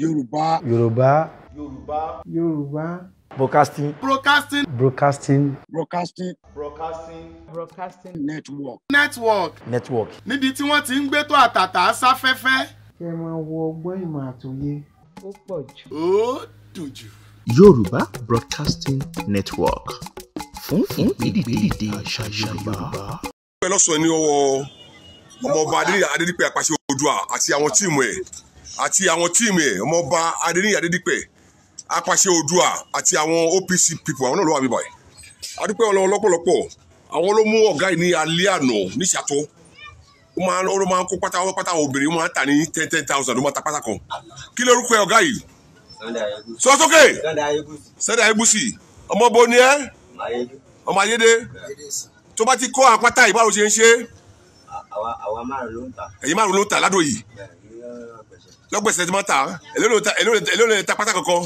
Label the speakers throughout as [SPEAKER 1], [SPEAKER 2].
[SPEAKER 1] Yorùbá. Yorùbá. Yorùbá. Yorùbá. Broadcasting. Broadcasting. Broadcasting. Broadcasting. Broadcasting. Broadcasting. Network. Network. Network. Níbi tí wọ́n ti ń gbé tó àtàtà sáfẹ́fẹ́. Kẹ́ ẹ máa wọ ọgbọ́n ìmọ̀ àtòyé. Ó pọ̀ jù. Ó dùn jù. Yorùbá Broadcasting Network. Fún fún ìdílé àṣà Yorùbá. Pẹ̀lú ọ̀sán ní ọwọ́ ọmọ ọba Adédìpé Apàṣẹ Oòduà àti àwọn tíìmù ẹ̀ àti àwọn tíìmù ẹ̀ ọmọọba adéníyì adédípẹ̀ apàṣẹ oòdùà àti àwọn OPC people àwọn náà ló wà bíbáyìí adúpẹ́ ọlọ́wọ́ lọ́pọ̀lọpọ̀ àwọn ló mú ọ̀gá yìí ní alẹ́ àná níṣàtó ó máa ó máa ń kó pátá pátá obìnrin ó máa ń tà ní ten ten thousand ó máa ta pátá kan kí ló rúkọ ọ̀gá yìí sọ sókè Sunday Ayégúsì ọmọ bo ni ẹ ọmọ ayédè tó bá ti kó àpáta yìí báwo ṣe ń ṣe. àwa márùn ló ń tà. ẹ̀yin márùn ló ń yìí lọ́gbẹ̀sẹ̀ tí wọ́n ta èló lè ta pátá kankan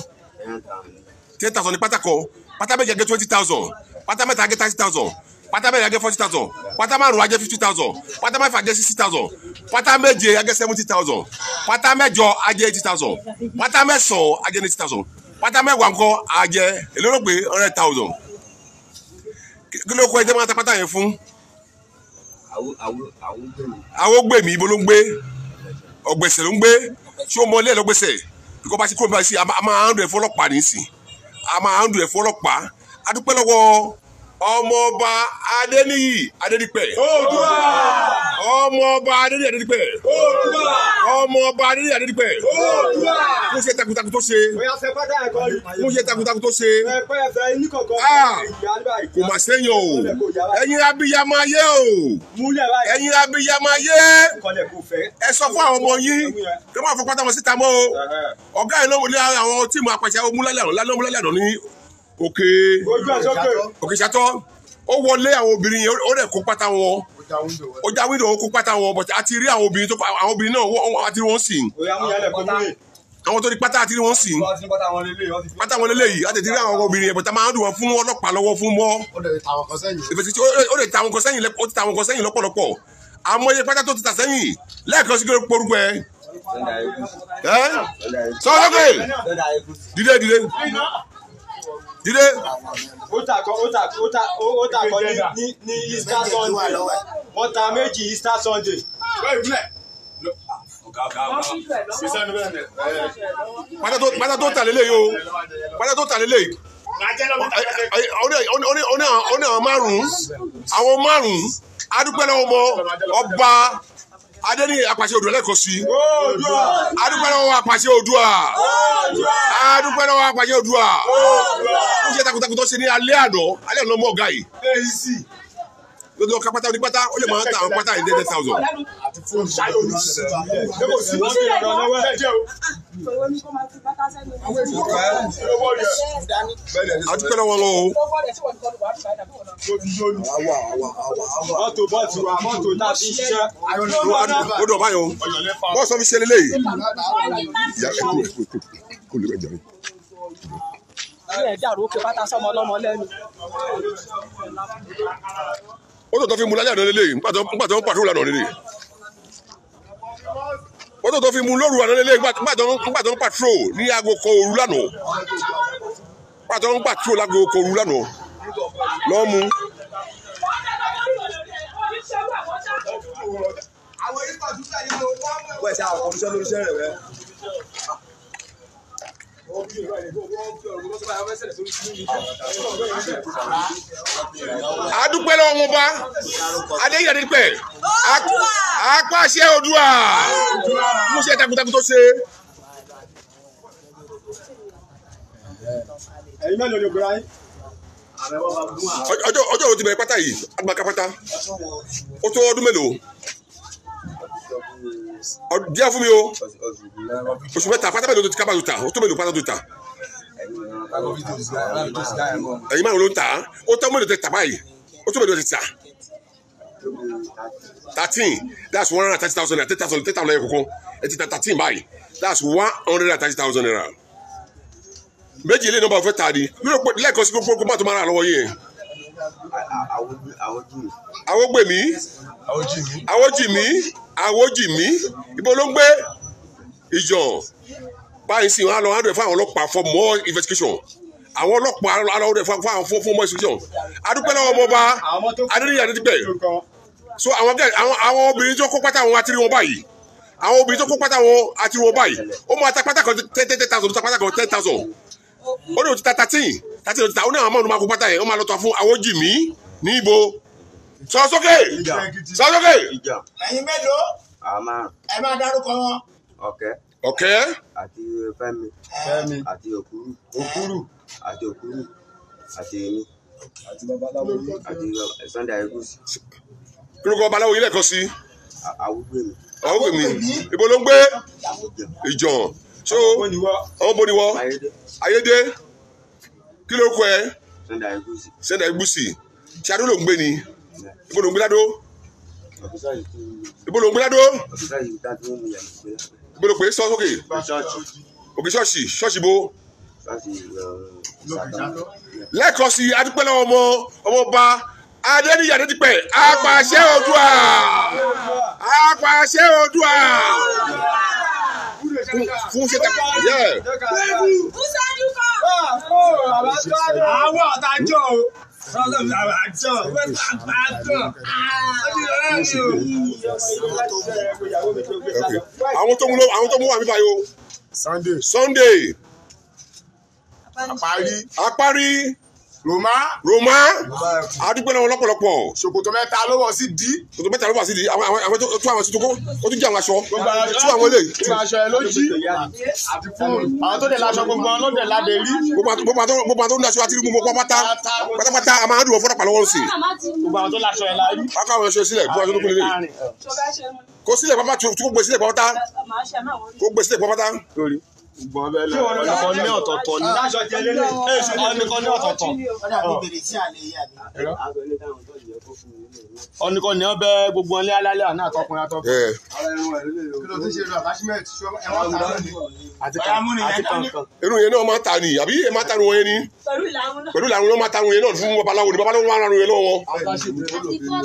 [SPEAKER 1] ten thousand ní pátá kan pátá méje gé twenty thousand pátá mẹ́ta gé thirty thousand pátá mẹ́rin agẹ́ forty thousand pátá márùn-ún agẹ́ fifty thousand pátá mẹ́fà agẹ́ sixty thousand pátá méje agẹ́ seventy thousand pátá mẹ́jọ agẹ́ eighty thousand pátá mẹ́sàn-án agẹ́ ninety thousand pátá mẹ́wàá ńkọ́ agẹ́ èló ló pé hundred thousand kí ló kọ ẹjẹ máa ta pátá yẹn fún. àwọn gbèmí ibo ló ń gbé ọ̀gbẹ̀sẹ̀ ló ń gbé ṣé o mọ ilé ẹ̀ lọ́gbẹ̀sẹ̀ bíkọ́ bá ṣe kúrò bá ṣe a máa ń rẹ̀ fọlọ́pàá nísìn a máa ń rẹ̀ fọlọ́pàá adúpẹ́ lọ́wọ́ ọmọọba adéníyì adédìpẹ̀. Oòduà. ọmọọba adéníyì adédìpẹ̀. Oòduà. ọmọọba adéníyì adédìpẹ̀. Oòduà. mo ṣe takuntakun tó ṣe. mo ṣe takuntakun tó ṣe. Ah! kò mà sẹ́yìn o ẹ̀yin abiyamọ ayé o ẹ̀yin abiyamọ ayé ẹ sọ fún àwọn ọmọ yín kí wọ́n máa fọ pátá wọn síta mọ́ o ọ̀gá ìlú àwọn tí mo apàṣẹ ọmúlẹ́lẹ̀ ọ̀nà òkè òkè ṣàtọ́ ó wọlé àwọn obìnrin yẹn ó dẹ̀ kó pátá wọn ó já wíńdò ó kó pátá wọn bọ̀tí àti rí àwọn obìnrin tó pa àwọn obìnrin náà àti wọn sìn àwọn tó ní pátá àti wọn sìn pátá wọn lélẹ́yìí àti ti rí àwọn obìnrin yẹn bọ̀tí máa ń dùn wọn fún ọlọ́pàá lọ́wọ́ fún mọ́ ó lè ta àwọn kan sẹ́yìn ó ti ta àwọn kan sẹ́yìn lọ́pọ̀lọpọ̀ àmọye pátá tó ti tà sẹ́yìn lẹ́ẹ̀kan sí kí ló porúkọ ẹ sọ́ọ́dọ́gbẹ̀ dídé dídé dìde. ó tàkọ ó tàkọ ó tàkọ ó tàkọ ní ní Easter Sunday wọ́n ta méjì Easter Sunday. pátá tó tà lélẹ̀ yìí o pátá tó tà lélẹ̀ yìí ó ní àwọn márùn-ún àwọn márùn-ún adúpẹ́ náà ọmọ ọba adéni apàṣẹ Oòduà lẹ́kọ̀ọ́ sí adúpẹ́ lọ́wọ́ apàṣẹ Oòduà adúpẹ́ lọ́wọ́ apàṣẹ Oòduà ó ṣe takuntakun tó ṣe ní alẹ́ àná alẹ́ àná mọ́ ọ̀gá yìí lójú ọkà pátá onípátá ó lè máa ń ta àwọn pátá yìí ní ten thousand sọ̀rọ̀ ní kó máa fi bàtà sẹ́nu. àwọn èèyàn kọ́ ẹ owó rẹ̀ dání. àdúgbò lọ́wọ́ lọ́wọ́. owó rẹ̀ tí wọ́n ti kọ́ lù wá fi bàtà bọ̀ lọ. àwa àwa àwa àwa. mọ́tò bọ́ọ̀tì wa mọ́tò náà fi ṣiṣẹ́. ó dùn báyọ̀ wọ́n sọ fi ṣe lélẹ́yìí. kò lè bẹ̀ jẹ́ mi ilẹ̀ dàrú kí bàtà sọmọ ọlọ́mọ lẹ́nu. ó tó tọ́ fi mu lálẹ́ àná lélẹ́yìí nígbà tó ń pàtó ń pàtó ń lànà lélẹ́yìí mọ́tò tó fi mú lóru àná lélẹ́ gbàdán pàtrò ní aago kan òru lánàá gbàdán pàtrò láago kan òru lánàá lọ́ọ́ mú. a lọ́wọ́ wọn bá adéyẹ̀dẹ́pẹ́ apáṣẹ Oòduà mú ṣe takuntakun tó ṣe. ẹ̀yin mélòó ni obìnrin ayé ọjọ́ ọjọ́ òtí bẹ̀rẹ̀ pátá yìí agbaka pátá ó tó ọdún mélòó díẹ̀ fún mi o oṣù mẹ́ta pátá mélòó tó ti ká bàtò ta ó tó mélòó pátá tó ta ẹ̀yin márùn ló ń ta o tó mélòó tẹ tà báyìí ó tó mélòó tẹ tà thirteen that's one hundred and thirty thousand naira ten thousand ten thousand naira kọ̀ọ̀kan eighty thirteen báyìí that's one hundred and thirty thousand naira méjì ilé nọ́mbà fẹ́ tàdí lẹ́ẹ̀kan sí gbogbo gbogbo àti mara lọ́wọ́ yẹn. àwọ̀gbèmí àwọ̀jìmí àwọ̀jìmí ibo ló ń gbé ìjọ báyìí sì wọn á lọ hàn dùn fún àwọn ọlọ́pàá for more investigation àwọn ọlọ́pàá aláwọ̀ rẹ̀ fún àwọn fún ọmọ institution adúpẹ́ lọ́wọ́ ọmọ ọba adéníyàn ní tipẹ́ so àwọn gẹ́gẹ́ àwọn àwọn obìnrin tó kó pátá wọn àti rí wọn báyìí àwọn obìnrin tó kó pátá wọn àti rí wọn báyìí ó máa ta pátá kan ten ten ten thousand ta pátá kan ten thousand ó ní o ti ta thirteen thirteen o ti ta ó ní àwọn ọmọ kó pátá yẹn ó máa lọ tọ́ fún àwọn jì mí ní ibo sọ sókè sọ sókè. ẹ̀yin mélòó ẹ máa dárúkọ wọn ọ̀kẹ́. àti fẹ́mi. fẹ́mi. àti òkúrù. okuru. àti òkúrù. àti èmi. àti babaláwo. àti eh, sunday ayélujára. kí ló kọ́ babaláwo yìí lẹ́ẹ̀kan sí. àwùgbé mi. àwùgbé mi ibo ló ń gbé. ìjọ̀n so ọmọ bó ni wọ. ayédè. kí ló kọ ẹ. sunday ayélujára. sunday ayélujára. ló ń gbé ni. ibo ló ń gbé ládó. ibo ló ń gbé ládó gbọ́dọ̀ pé sọ sókè òkè ṣọ́ọ̀ṣì ṣọ́ọ̀ṣì bo uh, lẹ́ẹ̀kan sí adúpẹ́ ọmọ ọmọọba adẹ́niyà tó ti pẹ́ apàṣẹ Oòduà apàṣẹ Oòduà fún ṣe tẹ́kọ̀ yẹ. Ah, àwọn ọ̀tá jọ o àwọn tó mú lọ àwọn tó mú wà mí báyìí o. Sunday. Sunday. apari. apari. Roma. Roma. Adúgbò náà lọ́pọ̀lọpọ̀. Ṣòkòtò mẹ́ta ló wọ̀ sí di. Ṣòkòtò mẹ́ta ló wọ̀ sí di. Àwọn àwọn tó tún àwọn sotoko ó tún jẹ́ àwọn aṣọ. Tún àwọn ilé. Tún aṣọ ẹ ló jí. Àwọn tó dẹ̀ laṣọ gbogbo àwọn ló dẹ̀ labẹ̀ rí. Gbogbo àwọn tó ń daṣọ àti gbogbo pátápátá. Pátápátá a máa ń dùn wọ́n fọ́nàpá lọ́wọ́ sí. Gbogbo àwọn tó laṣọ ẹ̀ la rí. Bákan àwọn aṣọ sílẹ̀ gbogbo àwọn tó kún kó sílẹ̀ pápá tó gbé sílẹ̀ pápá tá kó gbé sílẹ̀ ọ̀kan ní ọ̀tọ̀ọ̀tọ̀ ní ọ̀nìkan ní ọ̀tọ̀ọ̀tọ̀ ọ̀nìkan ní ọbẹ̀ gbogbo ọ̀lẹ́ alálẹ́ àná àtọkùnrin àtọkùn. irú yẹn náà máa ta ni àbí yẹn máa ta ni wọ́n yẹn ni pẹ̀lú làwọn náà máa ta wọn yẹn náà fún babaláwo ni babaláwo máa ra wọn yẹn náà wọn.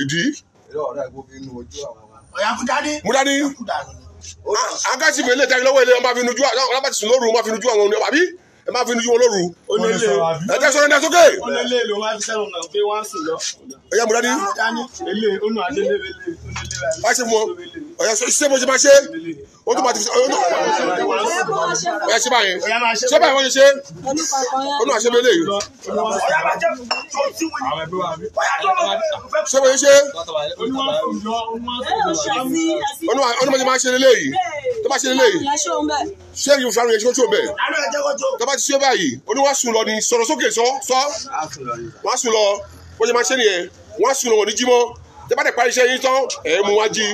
[SPEAKER 1] ìdí. múdání. múdání agasi fèlè tẹ́lẹ̀ lọ́wọ́ ilé ọmọ fi nujú àwọn ti sùn lóru ọmọ fi nujú àwọn ọmọ àbí ẹ fi nujú wọn lóru. ẹ tẹ sọ̀rọ̀ ẹ dẹ sókè. onílé ló máa fi sẹ́wọ̀n náà pé wọ́n sùn lọ. ẹ yà múra ní. dání ele onu adele ele onílé rẹ. wá mu ọ̀yà ṣe bó ṣe máa ṣe o tún bá ti fi ọ̀yà ọ̀yà ṣe báyìí ṣe báyìí wọ́n ṣe ṣe olú àṣẹ bẹ́ẹ̀ léyìí. ṣe bó ṣe ṣe olú àṣẹ máa ṣe léyìí tó bá ṣe léyìí ṣé yóò fi àwọn yẹn ṣe ojú bẹ́ẹ̀ tó bá ti ṣe báyìí olúwa sùn lọ ni sọ̀rọ̀ sókè sọ sọ wọ́n sùn lọ bó ṣe máa ṣe nìyẹn wọ́n sùn lọ wọ́n ní jímọ́ tẹ́ bá dẹ̀ parí iṣẹ́ yín tán ẹ̀ mú wá jí.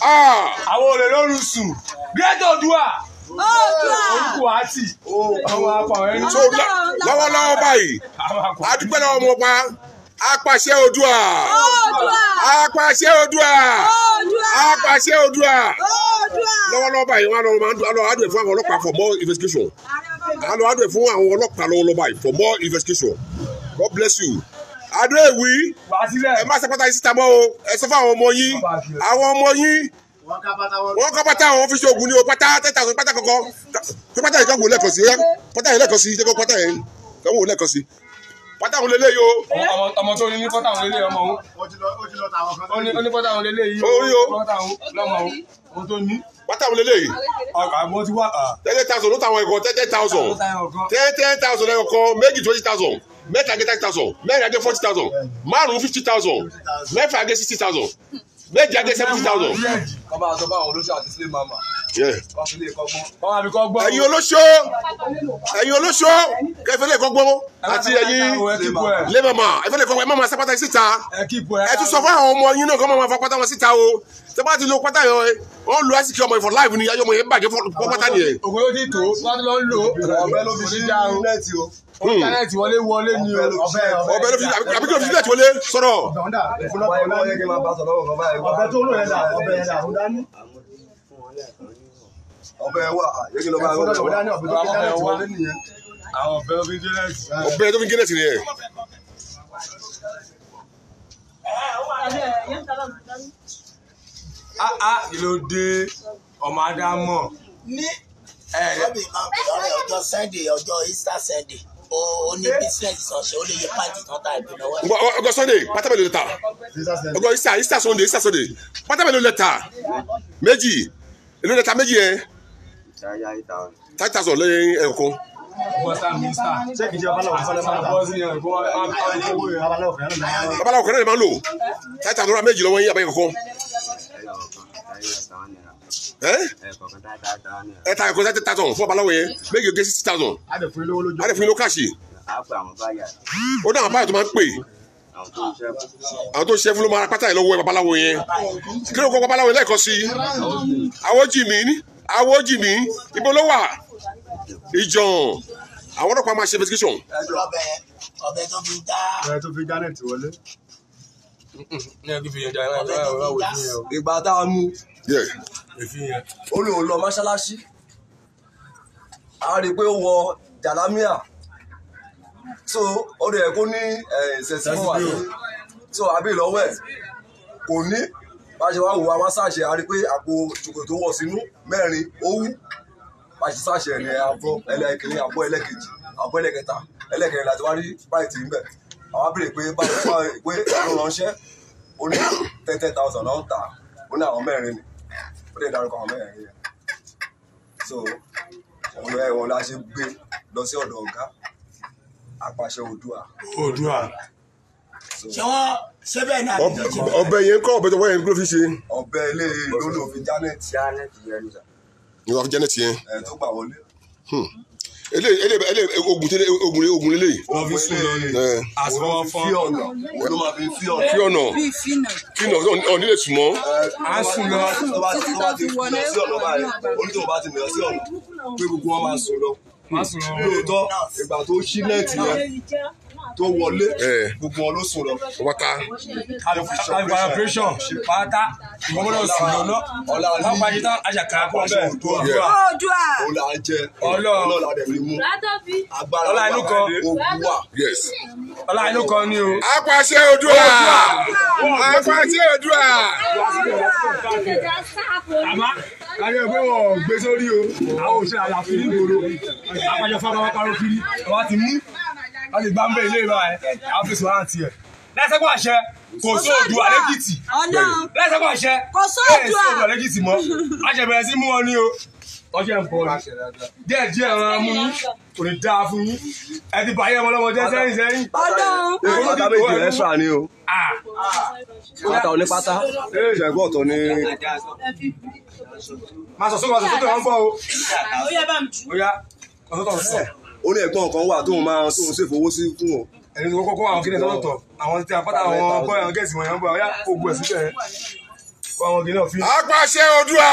[SPEAKER 1] Ah! àwọn olè lóru sùn great Oòduà orúkọ àti àwọn apàwọn ẹni. lọ́wọ́lọ́wọ́ báyìí adúpẹ́ lọ́wọ́ mo pa apàṣẹ Oòduà apàṣẹ Oòduà apàṣẹ Oòduà lọ́wọ́lọ́wọ́ báyìí wọn lọ́wọ́ máa ń lọ adùn fún àwọn ọlọ́pàá for more investigation àwọn adùn fún àwọn ọlọ́pàá lọ́wọ́lọ́wọ́ báyìí for more investigation God bless you àdó èwì ẹ má sẹpẹta yìí síta mọ o ẹ sọ fún àwọn ọmọ yín àwọn ọmọ yín wọn kọ pátá àwọn fíṣẹ ogun ní o pátá tẹta àwọn pátá kọkọ tó pátá yìí kàn wò lẹ́ẹ̀kan sí pátá yìí lẹ́ẹ̀kan sí jẹgọ pátá yìí kàn wò lẹ́ẹ̀kan sí pátá àwọn lélẹ yìí o. ọmọ tó ní ní pátá àwọn lélẹ ọmọ o ó ní pátá àwọn lélẹ o ó ní pátá àwọn lọmọ o ó tó ní pátá mi lélẹ́yìí. àmọ́ ti wá. tẹ́tẹ́ thousand ló tàwọn ẹ̀kọ́ tẹ́tẹ́ thousand tẹ́tẹ́ thousand ẹ̀kọ́ méjì twenty thousand mẹ́ta gé thirty thousand mẹ́rin gé forty thousand márùn-ún fifty thousand mẹ́fà gé sixty thousand mẹ́jọ gé seventy thousand. ọba àti ọba àwọn olóṣèlú àti sílẹ̀ mama ẹ̀yin olóṣó ẹ̀yin olóṣó kẹfẹlẹ kọgbọ àti ẹ̀yin lẹmọọmọ ẹfẹlẹ kọgbọ ẹ má máa sápátá síta ẹ tún sọ fún àwọn ọmọ yín náà kí wọn máa fa pátá wọn síta o tẹ ti lo pátá yọ ẹ wọn lu àsìkò ọmọ ìfọ láìpẹ́ ní ayọmọ yẹn bàjẹ́ fọ pátá nìyẹn. òkòyò ti tó wọn lọ lò ọbẹ ló fi sí ní íńtánẹ́ẹ̀tì wọlé wọlé ni ọbẹ̀ ọbẹ̀ lófi àbí kí ló fi íńtánẹ́ẹ̀tì wọlé sọ̀rọ̀. ọbẹ̀ tó fi íńtánẹ́ẹ̀tì wọlé nìyẹn. àwọn ọbẹ̀ tó ló dé ọmọ ádámọ̀ ní. ẹ ẹ ọjọ́ sunday ọjọ́ easter ó ní bísíǹsì sọ̀ṣẹ́ ó lè yẹ pàǹtì tán ta ìbí lọ́wọ́. ọgọ sunday pátá mélòó lè ta ọgọ isa isa sunday isa sunday pátá mélòó lè ta méjì èló lè ta méjì yẹn five thousand lẹ́yìn ẹ̀kọ́ babaláwo kan náà lè máa lò táyì tàbí ọ̀rọ̀ méjì lọ́wọ́ yín àbẹ́yẹ ẹ ta ẹ̀kọ́ thirty thousand fún babaláwo yẹn make you get sixty thousand a lè fún yín ló káàsì. ó dáhùn báyà tó máa ń pè àwọn tó ṣiṣẹ́ fún ló máa ra pátá yìí lọ́wọ́ babaláwo yẹn kí ló kọ́ babaláwo yẹn lẹ́ẹ̀kan sí i awójì mi awójì mi ibo ló wà ìjọ̀n àwọn ọlọ́pàá máa ṣe investigation. ọbẹ̀ ọbẹ̀ tó fi dá. ọbẹ̀ tó fi dá nẹ̀tì wọlé. ọbẹ̀ tó fi dá. ìgbà táwọn mú ó lóun lọ mọ́ṣáláṣí a rí i pé ó wọ jàlámíà so ó rẹ̀ kó ní ṣẹ̀ṣẹ̀ fún wa so àbí ìlọ́wọ́ ẹ̀ kò ní bá ṣe wò wá wá a rí i pé àpò ṣòkòtò tó wọ̀ sínú mẹ́rin ó wú bá ṣe ṣàṣẹ ẹ̀ ní abọ́ ẹlẹ́kìnrin abọ́ ẹlẹ́kejì abọ́ ẹlẹ́kẹta láti wá rí báyìí tì ń bẹ̀ àwọn abèrè pé báyìí pé ló ránṣẹ́ ó ní thousand náà ń ta ó ní àwọn mẹ́rin ni ó lè darúkọ àwọn mẹ́rin yẹn so òun ẹ̀ wọn la ṣe gbé lọ sí ọ̀dọ̀ ọ̀gá apàṣẹ Oòduà. Oòduà. ṣé wọn ṣé bẹ́ẹ̀ náà ní ìjọba. ọbẹ yẹn kọ ọbẹ tó wáyé ló fi ṣe. ọbẹ ilé ló fi Janet. Janet yẹn. ìwà fi Janet yẹn. ẹ tó gbà wọlé. Hmm ele ele ele ogun tele ogun le ogun lele. wọn fi sùn lọ ni àsìkò fọ fi ọ̀nà wọn máa fi fi ọ̀nà. fi ọ̀nà fi ọ̀nà ọ̀nà nílé sùn mọ́. a sùn lọ. títí tó fi wọlé. onítọ̀ bá ti mìíràn sí ọ̀nà pé gbogbo wọn máa sùn lọ. lóòótọ́ ìgbà tó ṣí nẹ́ẹ̀tì yẹn tó wọlé gbogbo wọn ló sùn lọ. wọ́tá. calibration pátá ìgbọ́dọ̀ sùn lọ ọ̀la ní wọ́n pàṣẹ tán àṣàkà kọ́ bẹ́ẹ̀ tó ń bá ọ̀la jẹ ọlọ́ọ̀la rẹ̀ fi mú agbára ọ̀la inú kan ògùn wà. ọ̀la inú kan ni o. apàṣẹ Oòduà apàṣẹ Oòduà. àmọ́ láyé pé wọ́n gbé sórí o àwọn òṣèlú àlàfin nígboro àpàjọ fún abawaparo kiri àwa ti mú wọ́n ti gbá ń bẹ ilé ìlú ẹ̀ àwọn fèsì wọn àti ẹ̀ lẹ́sẹ̀kọ̀ àṣẹ kò sóòdùà lẹ́kìtì lẹ́sẹ̀kọ̀ àṣẹ ẹ̀ sóòdùà lẹ́kìtì mọ́ àṣẹ bẹ̀rẹ̀ sí mú wọn ní o ọjọ́ ẹ̀ ń bọ̀ díẹ̀ díẹ̀ wọn mú yín kò ní dáa fún yín ẹ ti bàyẹ̀ wọn lọ́mọdé sẹ́yìn sẹ́yìn. ọdún ọdún méjì rẹ sọ àní o pátá oní pátá ṣẹ̀gbọ́n ọ̀tọ̀ ni. máa sọ sókè máa sọ sókè wọn bọ̀ o. ó yá bá mi jù. ó yá ọ̀sọ́tọ̀ ọ̀sọ́ ó ní ẹ̀gbọ́n kan wà tóun máa tóun ṣe fowó sí fún o. ẹni tó kọ́kọ́ àwọn kìnìún tọ́tọ̀ àwọn tí apáta àwọn ọkọ àwọn gẹ̀ẹ́sì wọ̀nyẹn bọ̀ ọ̀yá ogun ẹ̀ síbẹ̀ kó àwọn kìnìún fi. apàṣẹ Oòduà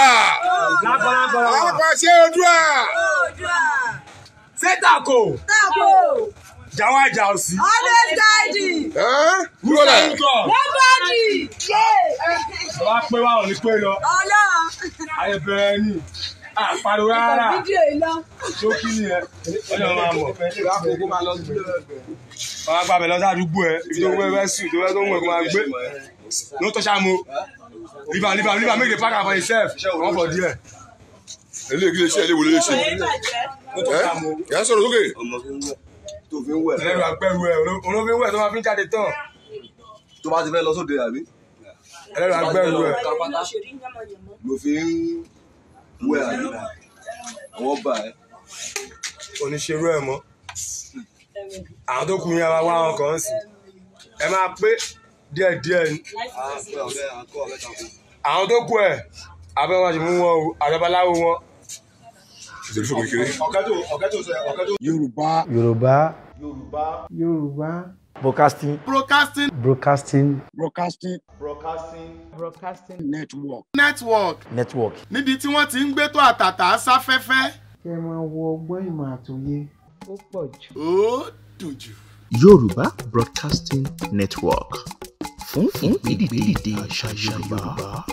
[SPEAKER 1] apàṣẹ Oòduà ṣé tako jàwá jà ò sí. always guiding. wúwo la nobody. wàá pé wa ò ní pé lọ. ọlọ́run. ayẹ̀bẹ̀rẹ̀ ni. Ah, àpàrọ̀ rárá ṣókí ni ẹ ọjọ́ máa mọ̀ lákòókò máa lọ sí àdúgbò ẹ ibi tó wẹ́ sùn tó wẹ́ tó ń wẹ̀ kó máa gbé ló tọ́ṣà mo liba liba liba make the park for wọ́n fọ̀ díẹ̀. eléyìí kí lè ṣe eléyìí wò ẹ ẹ sọ̀rọ̀ sókè. ẹlẹ́rù agbẹ́rù ẹ olófin wẹ̀ tó máa fi jáde tán. tó bá ti fẹ́ lọ sóde àbí. ẹlẹ́rù agbẹ́rù ẹ. mo wẹ́ àdínà àwọn bá ẹ. oníṣerú ẹ mọ àwọn tó kù yín ara wá wọn kàn ń sìn ẹ máa pé díẹ̀ díẹ̀ ni àwọn tó kù ẹ abẹ́wájú mú wọn o àjọbaláwo wọn. Yorùbá. Yorùbá. Yorùbá. Yorùbá. Broadcasting. Broadcasting. Broadcasting. Broadcasting. Broadcasting. Broadcasting. Network. Network. Network. Níbi tí wọ́n ti ń gbé tó àtàtà sáfẹ́fẹ́. Kẹ́ ẹ máa wo ọgbọ́n ìmọ̀ àtòyé. Ó pọ̀ jù. Ó dùn jù. Yorùbá Broadcasting Network. Fún fún ìdílé àṣà Yorùbá.